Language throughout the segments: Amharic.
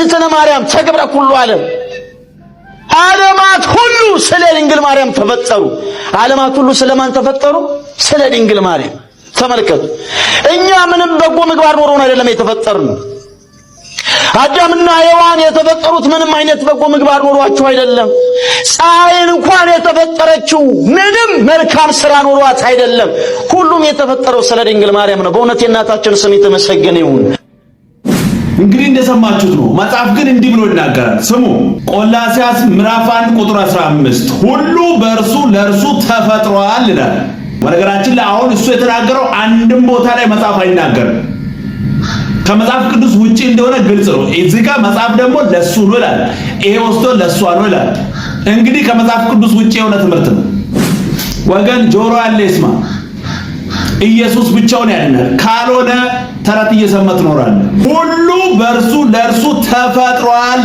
እግዝእትነ ማርያም ተገብረ ኩሉ ዓለም ዓለማት ሁሉ ስለ ድንግል ማርያም ተፈጠሩ። ዓለማት ሁሉ ስለማን ተፈጠሩ? ስለ ድንግል ማርያም። ተመልከቱ፣ እኛ ምንም በጎ ምግባር ኖሮን አይደለም የተፈጠርነው። አዳምና ሔዋን የተፈጠሩት ምንም አይነት በጎ ምግባር ኖሯቸው አይደለም። ፀሐይን እንኳን የተፈጠረችው ምንም መልካም ስራ ኖሯት አይደለም። ሁሉም የተፈጠረው ስለ ድንግል ማርያም ነው። በእውነት የእናታችን ስም የተመሰገነ ይሁን። እንግዲህ እንደሰማችሁት ነው። መጽሐፍ ግን እንዲህ ብሎ ይናገራል። ስሙ ቆላሲያስ ምዕራፍ 1 ቁጥር 15 ሁሉ በእርሱ ለእርሱ ተፈጥሯል ይላል። በነገራችን ላይ አሁን እሱ የተናገረው አንድም ቦታ ላይ መጽሐፍ አይናገርም ከመጽሐፍ ቅዱስ ውጪ እንደሆነ ግልጽ ነው። እዚህ ጋር መጽሐፍ ደግሞ ለሱ ነው ይላል። ይሄ ወስዶ ለሷ ነው ይላል። እንግዲህ ከመጽሐፍ ቅዱስ ውጪ የሆነ ትምህርት ነው ወገን። ጆሮ ያለ ይስማ። ኢየሱስ ብቻውን ያድናል። ካልሆነ ተረት እየሰማ ትኖራለህ። በእርሱ ለእርሱ ተፈጥሯል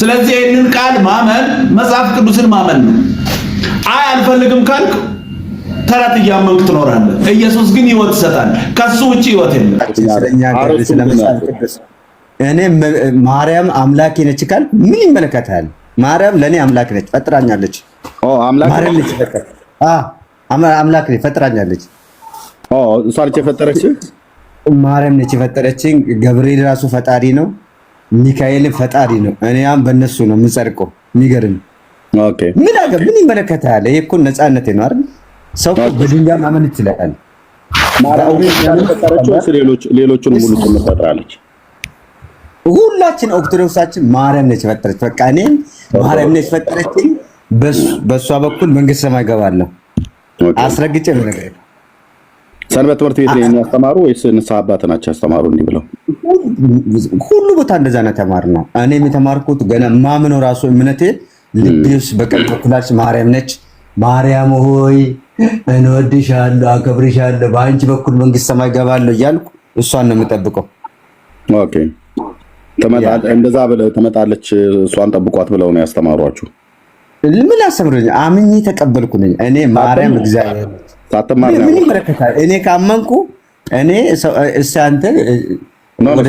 ስለዚህ ይህንን ቃል ማመን መጽሐፍ ቅዱስን ማመን ነው። አይ አልፈልግም ካልክ ተረት እያመንክ ትኖራለህ። ኢየሱስ ግን ህይወት ይሰጣል። ከሱ ውጭ ህይወት የለም። እኔ ማርያም አምላኬ ነች ካልክ ምን ይመለከታል? ማርያም ለእኔ አምላክ ነች፣ ፈጥራኛለች። አምላክ ነች፣ ፈጥራኛለች። እሷ ነች የፈጠረችህ ማርያም ነች የፈጠረችኝ። ገብርኤል ራሱ ፈጣሪ ነው፣ ሚካኤል ፈጣሪ ነው። እኔ ያም በእነሱ ነው የምንጸድቀው። የሚገርም ምን አገ ምን ይመለከታል? ይሄ እኮ ነፃነት ነው አይደል? ሰው በድንጋይ ማመን ይችላል። ሌሎቹን ሙሉ ትፈጥራለች። ሁላችን ኦርቶዶክሳችን ማርያም ነች የፈጠረች። በቃ እኔም ማርያም ነች የፈጠረችኝ። በእሷ በኩል መንግስት ሰማይ ገባለሁ አስረግጬ ነገር ሰንበት ትምህርት ቤት ያስተማሩ ወይስ ንስሐ አባት ናቸው ያስተማሩ? እንዲህ ብለው ሁሉ ቦታ እንደዛ ነው የተማርነው። እኔም የተማርኩት ገና ማምኖ ራሱ እምነቴ ልቤስ በቀኝ በኩላችን ማርያም ነች። ማርያም ሆይ እንወድሻለሁ፣ አከብርሻለሁ፣ በአንቺ በኩል መንግስት ሰማይ ገባለሁ እያልኩ እሷን ነው የምጠብቀው። እንደዛ ብለህ ትመጣለች፣ እሷን ጠብቋት ብለው ነው ያስተማሯችሁ? ምን አሰምሩኝ፣ አምኜ ተቀበልኩ ነኝ እኔ ማርያም እግዚአብሔር ሳትማር ምን ይመለከታል? እኔ ካመንኩ እኔ እሺ፣ አንተ ወደ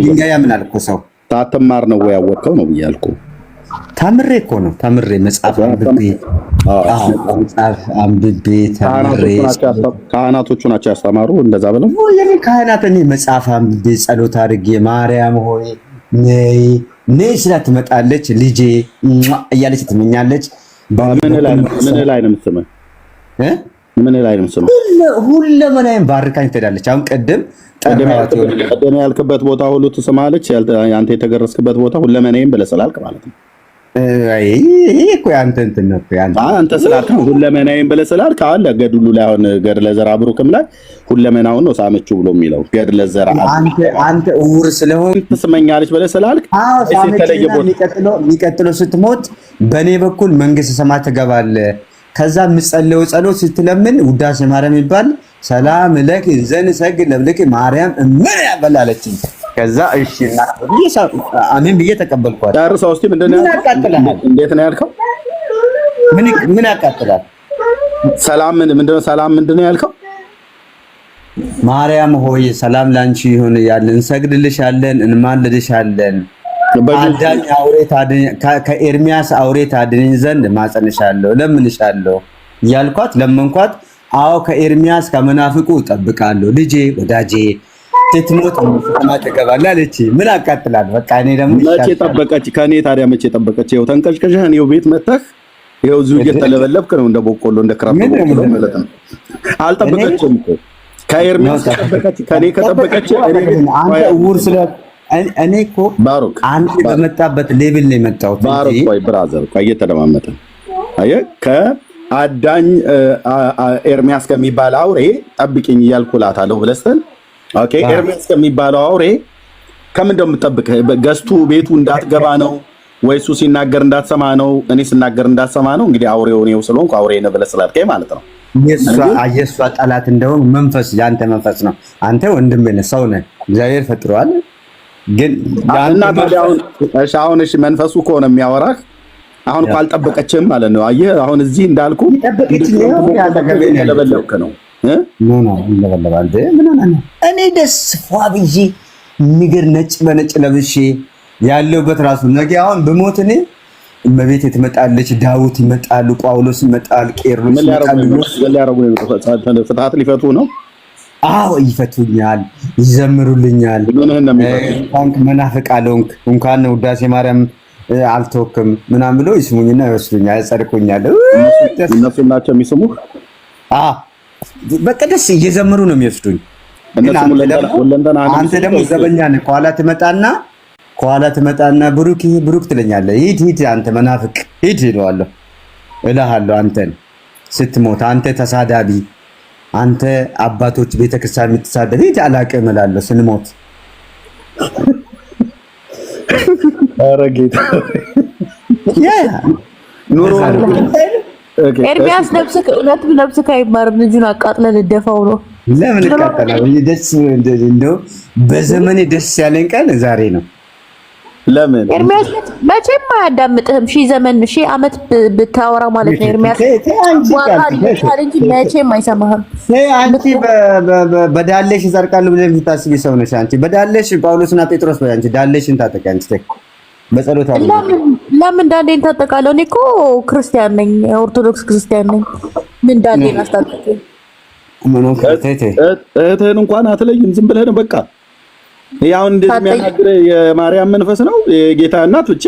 ድንጋይ ያምናል እኮ ሰው። ሳትማር ነው ወይ ነው ታምሬ እኮ ነው መጽሐፍ አንብቤ አንብቤ ታምሬ ካህናቶቹ ናቸው ያስተማሩ እንደዛ ብለው ካህናት። እኔ መጽሐፍ አንብቤ ጸሎት አድርጌ ማርያም ሆይ ነይ ነይ ትመጣለች፣ ልጄ እያለች ትመኛለች። ምን ላይ ነው ምን ላይ ነው ስሙ? ሁለመናዬን ባርካኝ ትሄዳለች። አሁን ቅድም ቀደም ያልክበት ቦታ ሁሉ ትስማለች። አንተ የተገረስክበት ቦታ ሁለመናዬን ብለህ ስላልክ ማለት ነው። አንተ ስላልክ ሁለመናዬን ብለህ ስላልክ አለ ገድሉ ላይ አሁን ገድለ ዘራ ብሩክም ላይ ሁለመናውን ነው ሳመችው ብሎ የሚለው ገድለ ዘራ አንተ እውር ስለሆን ትስመኛለች ብለህ ስላልክ የሚቀጥለው ስትሞት በእኔ በኩል መንግስተ ሰማያት ትገባለህ ከዛ የምጸለው ጸሎት ስትለምን ውዳሴ ማርያም ይባል ሰላም ለክ ዘን ሰግ ለብልክ ማርያም ምን ያበላለች። ከዛ እሺ እና አሜን ብዬ ተቀበልኳት። ዳር እስቲ ምንድን ነው እንዴት ነው ያልከው? ምን ምን ያቃጥላል? ሰላም ምንድን ነው ሰላም ምንድን ነው ያልከው? ማርያም ሆይ ሰላም ላንቺ ይሁን ያለን እንሰግድልሽ አለን እንማልድሽ አለን አዳኝ አውሬ ከኤርሚያስ አውሬ ታድኝ ዘንድ ማጸንሻለሁ፣ ለምንሻለሁ እያልኳት ለመንኳት። አዎ ከኤርሚያስ ከመናፍቁ እጠብቃለሁ ልጄ ወዳጄ ስትሞት ፍጥማ ትገባለህ አለች። ምን አቃጥላል? በቃ እኔ ደግሞ መቼ ጠበቀች? ከእኔ ታዲያ መቼ ጠበቀች? ይኸው ተንቀሽቀሽ ይኸው ቤት መጥተህ ይኸው እዚሁ እየተለበለብክ ነው እንደ ቦቆሎ እንደ ክራፍ ማለት ነው። አልጠበቀችም ከኤርሚያስ ከጠበቀች ከእኔ ከጠበቀች እኔ አንተ እውር ስለ እኔ እኮ ባሩክ አንተ በመጣበት ሌብል ነው የመጣሁት። ባሩክ ቆይ ብራዘር ቆይ እየተለማመጠ አየህ ከአዳኝ ኤርሚያስ ከሚባል አውሬ ጠብቂኝ እያልኩላታለሁ ብለህ ስትል ኦኬ ኤርሚያስ ከሚባለው አውሬ ከምን እንደምጠብቅ ገዝቱ ቤቱ እንዳትገባ ነው ወይ እሱ ሲናገር እንዳትሰማ ነው እኔ ስናገር እንዳትሰማ ነው። እንግዲህ አውሬው ነው ስለሆንኩ አውሬ ነው ብለህ ስላልከኝ ማለት ነው። የእሷ ጠላት እንደሆን መንፈስ የአንተ መንፈስ ነው። አንተ ወንድምህ ነህ፣ ሰው ነህ፣ እግዚአብሔር ፈጥሯል ግን አሁን እሺ መንፈሱ ከሆነ የሚያወራህ አሁን እኮ አልጠበቀችም ማለት ነው። አየህ አሁን እዚህ እንዳልኩ ለበለብክ ነው። እኔ ደስ ፏ ንግር ነጭ በነጭ ለብሼ ያለሁበት ራሱ ነገ አሁን ብሞት እኔ እመቤት ትመጣለች፣ ዳዊት ይመጣሉ፣ ጳውሎስ ይመጣል፣ ቄርሎስ ይመጣሉ። ፍትሀት ሊፈቱ ነው አዎ ይፈቱኛል፣ ይዘምሩልኛል። መናፍቅ መናፍቃለሁ እንኳን ውዳሴ ማርያም አልተወክም ምናምን ብለው ይስሙኝና ይወስዱኛል፣ ያጸድቁኛል። እነሱ ናቸው የሚስሙ። በቃ ደስ እየዘምሩ ነው የሚወስዱኝ። አንተ ደግሞ ዘበኛ ነህ። ከኋላ ትመጣና ከኋላ ትመጣና ብሩክ ብሩክ ትለኛለህ። ሂድ ሂድ፣ አንተ መናፍቅ ሂድ እለዋለሁ፣ እልሃለሁ። አንተን ስትሞት አንተ ተሳዳቢ አንተ አባቶች ቤተክርስቲያን የምትሳደብ ሂድ አላቅም እላለሁ ስንሞት። ኧረ ጌታ ኤርሚያስ ነብስክ እውነት ነብስክ ልጁን አቃጥለን ልደፋው ነው። ለምን ቃጠላ ደስ እንደው በዘመኔ ደስ ያለኝ ቀን ዛሬ ነው። ለምን ኤርሚያስ መቼም አያዳምጥህም። ሺህ ዘመን ሺህ ዓመት ብታወራ ማለት ነው ኤርሚያስ ዋቃል እንጂ መቼም አይሰማህም። አንቺ በዳሌሽ ይጸድቃሉ ብለሽ የምታስቢ ሰው ነሽ። አንቺ በዳሌሽ ጳውሎስና ጴጥሮስ በይ። አንቺ ዳሌሽን ታጠቂ። አንቺ በጸሎት አለ ለምን ዳሌን ታጠቃለሁ? እኔ እኮ ክርስቲያን ነኝ፣ ኦርቶዶክስ ክርስቲያን ነኝ። ምን ዳሌን አስታጠቂ? እህትህን እንኳን አትለይም። ዝም ብለህ ነው በቃ ያው እንደዚህ የሚያናግር የማርያም መንፈስ ነው የጌታ እናት ብቻ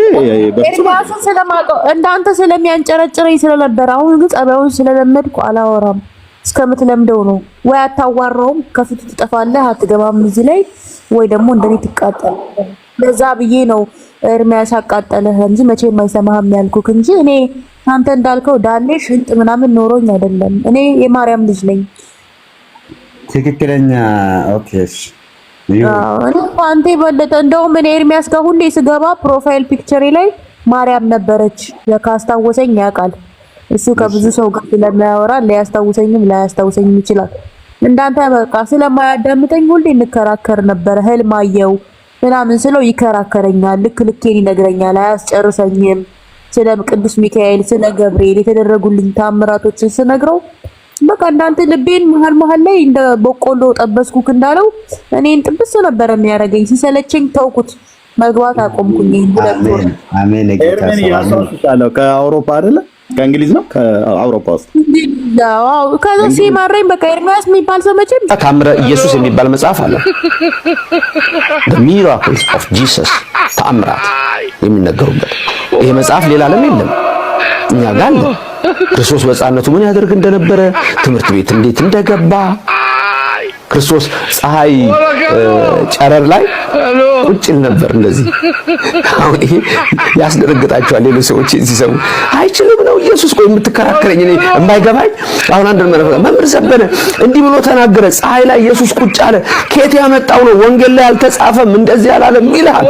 ኤርሚያስን ስለማውቀው እንዳንተ ስለሚያንጨረጭረኝ ስለነበር፣ አሁን ግን ጸባዩን ስለለመድኩ አላወራም። እስከምትለምደው ነው። ወይ አታዋራውም፣ ከፊቱ ትጠፋለህ፣ አትገባም እዚህ ላይ ወይ ደግሞ እንደኔ ትቃጠል። ለዛ ብዬ ነው ኤርሚያስ አቃጠለህ እንጂ መቼ አይሰማህም ያልኩክ እንጂ እኔ አንተ እንዳልከው ዳሌ ሽንጥ ምናምን ኖሮኝ አይደለም። እኔ የማርያም ልጅ ነኝ። ትክክለኛ ኦኬ እሺ እኔ አንተ የበለጠ እንደውም እኔ ኤርሚያስ ጋር ሁሌ ስገባ ፕሮፋይል ፒክቸሬ ላይ ማርያም ነበረች። ካስታወሰኝ ያውቃል እሱ ከብዙ ሰው ጋር ስለማያወራ ሊያስታውሰኝም ላያስታውሰኝም ይችላል። እንዳንተ በቃ ስለማያዳምጠኝ ሁሌ እንከራከር ነበረ። ህልም አየው ምናምን ስለው ይከራከረኛል። ልክ ልኬን ይነግረኛል። አያስጨርሰኝም። ስለ ቅዱስ ሚካኤል ስለ ገብርኤል የተደረጉልኝ ታምራቶችን ስነግረው በቃ እንዳንተ ልቤን መሀል መሀል ላይ እንደ በቆሎ ጠበስኩክ እንዳለው እኔን ጥብስ ነበር የሚያደርገኝ። ሲሰለቸኝ ተውኩት፣ መግባት አቆምኩኝ። ከአውሮፓ አይደለ ከእንግሊዝ ነው ከአውሮፓ ውስጥ ያው ከዛ ሲማረኝ በቃ ኤርሚያስ የሚባል ሰው መቼም ታምረ ኢየሱስ የሚባል መጽሐፍ አለ። the miracles of ተአምራት የሚነገሩበት ይሄ መጽሐፍ ሌላ ዓለም የለም እኛ ጋር አለ። ክርስቶስ በሕፃንነቱ ምን ያደርግ እንደነበረ፣ ትምህርት ቤት እንዴት እንደገባ ክርስቶስ ፀሐይ ጨረር ላይ ቁጭ ይል ነበር እንደዚህ። አሁን ይሄ ያስደረግጣቸዋል። ሌሎች ሰዎች ሲሰሙ። አይችልም ነው ኢየሱስ። ቆይ የምትከራከረኝ እኔ የማይገባኝ አሁን አንድ መምህር ዘበነ እንዲህ ብሎ ተናገረ፣ ፀሐይ ላይ ኢየሱስ ቁጭ አለ። ኬት ያመጣው ነው? ወንጌል ላይ አልተጻፈም፣ እንደዚህ አላለም ይልሃል።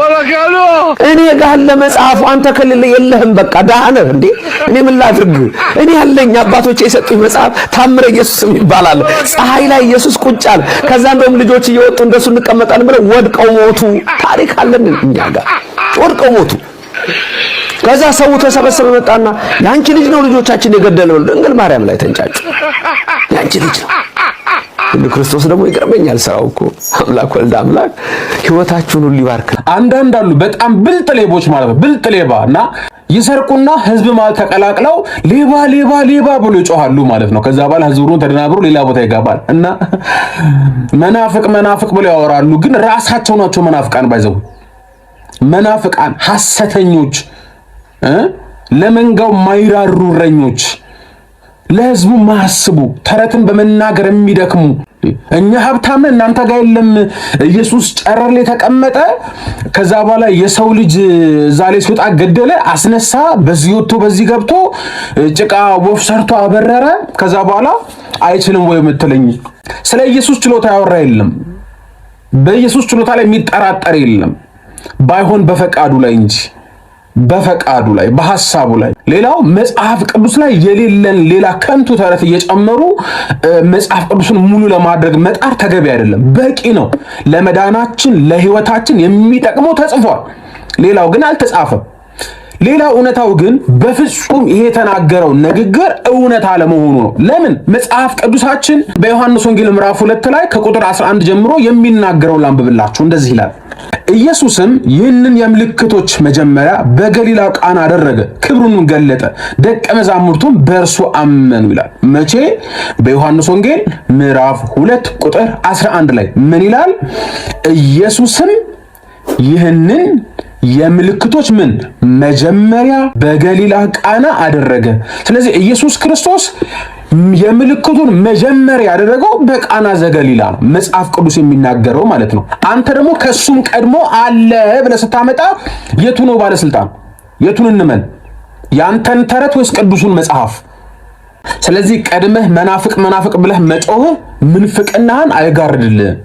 እኔ ጋር ለመጽሐፉ አንተ ከሌለ የለህም። በቃ ደህና ነህ እንዴ? እኔ ምን ላድርግ? እኔ ያለኝ አባቶቼ የሰጡኝ መጽሐፍ ታምረ ኢየሱስ ይባላል። ፀሐይ ላይ ኢየሱስ ቁጭ አለ። ከዛ እንደውም ልጆች እየወጡ እንደሱ እንቀመጣለን ብለው ወድቀው ሞቱ። ታሪክ አለን እኛ ጋር ወድቀው ሞቱ። ከዛ ሰው ተሰበሰበ፣ መጣና ያንቺ ልጅ ነው ልጆቻችን የገደለው ድንግል ማርያም ላይ ተንጫጩ። ያንቺ ልጅ ነው ሁሉ ክርስቶስ ደግሞ ይቀርበኛል። ስራው እኮ አምላክ ወልድ አምላክ ህይወታችሁን ሁሉ ይባርክ። አንዳንድ አሉ በጣም ብልጥ ሌቦች ማለት ነው። ብልጥ ሌባ እና ይሰርቁና ህዝብ መሀል ተቀላቅለው ሌባ ሌባ ሌባ ብሎ ይጮሃሉ ማለት ነው። ከዛ በኋላ ህዝብ ተደናብሮ ሌላ ቦታ ይገባል እና መናፍቅ መናፍቅ ብለው ያወራሉ። ግን ራሳቸው ናቸው መናፍቃን። ባይዘው መናፍቃን፣ ሐሰተኞች፣ ለመንጋው ማይራሩ እረኞች፣ ለህዝቡ ማያስቡ፣ ተረትን በመናገር የሚደክሙ እኛ ሀብታም እናንተ ጋር የለም። ኢየሱስ ጨረር ላይ ተቀመጠ። ከዛ በኋላ የሰው ልጅ እዛ ላይ ሲወጣ ገደለ፣ አስነሳ። በዚህ ወጥቶ በዚህ ገብቶ ጭቃ ወፍ ሰርቶ አበረረ። ከዛ በኋላ አይችልም ወይ የምትለኝ? ስለ ኢየሱስ ችሎታ ያወራ የለም። በኢየሱስ ችሎታ ላይ የሚጠራጠር የለም፣ ባይሆን በፈቃዱ ላይ እንጂ በፈቃዱ ላይ በሀሳቡ ላይ ሌላው መጽሐፍ ቅዱስ ላይ የሌለን ሌላ ከንቱ ተረት እየጨመሩ መጽሐፍ ቅዱስን ሙሉ ለማድረግ መጣር ተገቢ አይደለም። በቂ ነው። ለመዳናችን ለሕይወታችን የሚጠቅመው ተጽፏል። ሌላው ግን አልተጻፈም። ሌላ እውነታው ግን በፍጹም ይሄ የተናገረው ንግግር እውነት አለመሆኑ ነው። ለምን? መጽሐፍ ቅዱሳችን በዮሐንስ ወንጌል ምዕራፍ ሁለት ላይ ከቁጥር 11 ጀምሮ የሚናገረውን ላንብብላችሁ። እንደዚህ ይላል ኢየሱስም ይህንን የምልክቶች መጀመሪያ በገሊላ ቃና አደረገ፣ ክብሩንም ገለጠ፣ ደቀ መዛሙርቱም በእርሱ አመኑ ይላል። መቼ? በዮሐንስ ወንጌል ምዕራፍ ሁለት ቁጥር 11 ላይ ምን ይላል? ኢየሱስም ይህንን የምልክቶች ምን መጀመሪያ በገሊላ ቃና አደረገ። ስለዚህ ኢየሱስ ክርስቶስ የምልክቱን መጀመሪያ ያደረገው በቃና ዘገሊላ ነው፣ መጽሐፍ ቅዱስ የሚናገረው ማለት ነው። አንተ ደግሞ ከሱም ቀድሞ አለ ብለህ ስታመጣ የቱ ነው ባለስልጣን? የቱን እንመን? ያንተን ተረት ወይስ ቅዱሱን መጽሐፍ? ስለዚህ ቀድመህ መናፍቅ መናፍቅ ብለህ መጮህ ምንፍቅናህን አይጋርድልህም።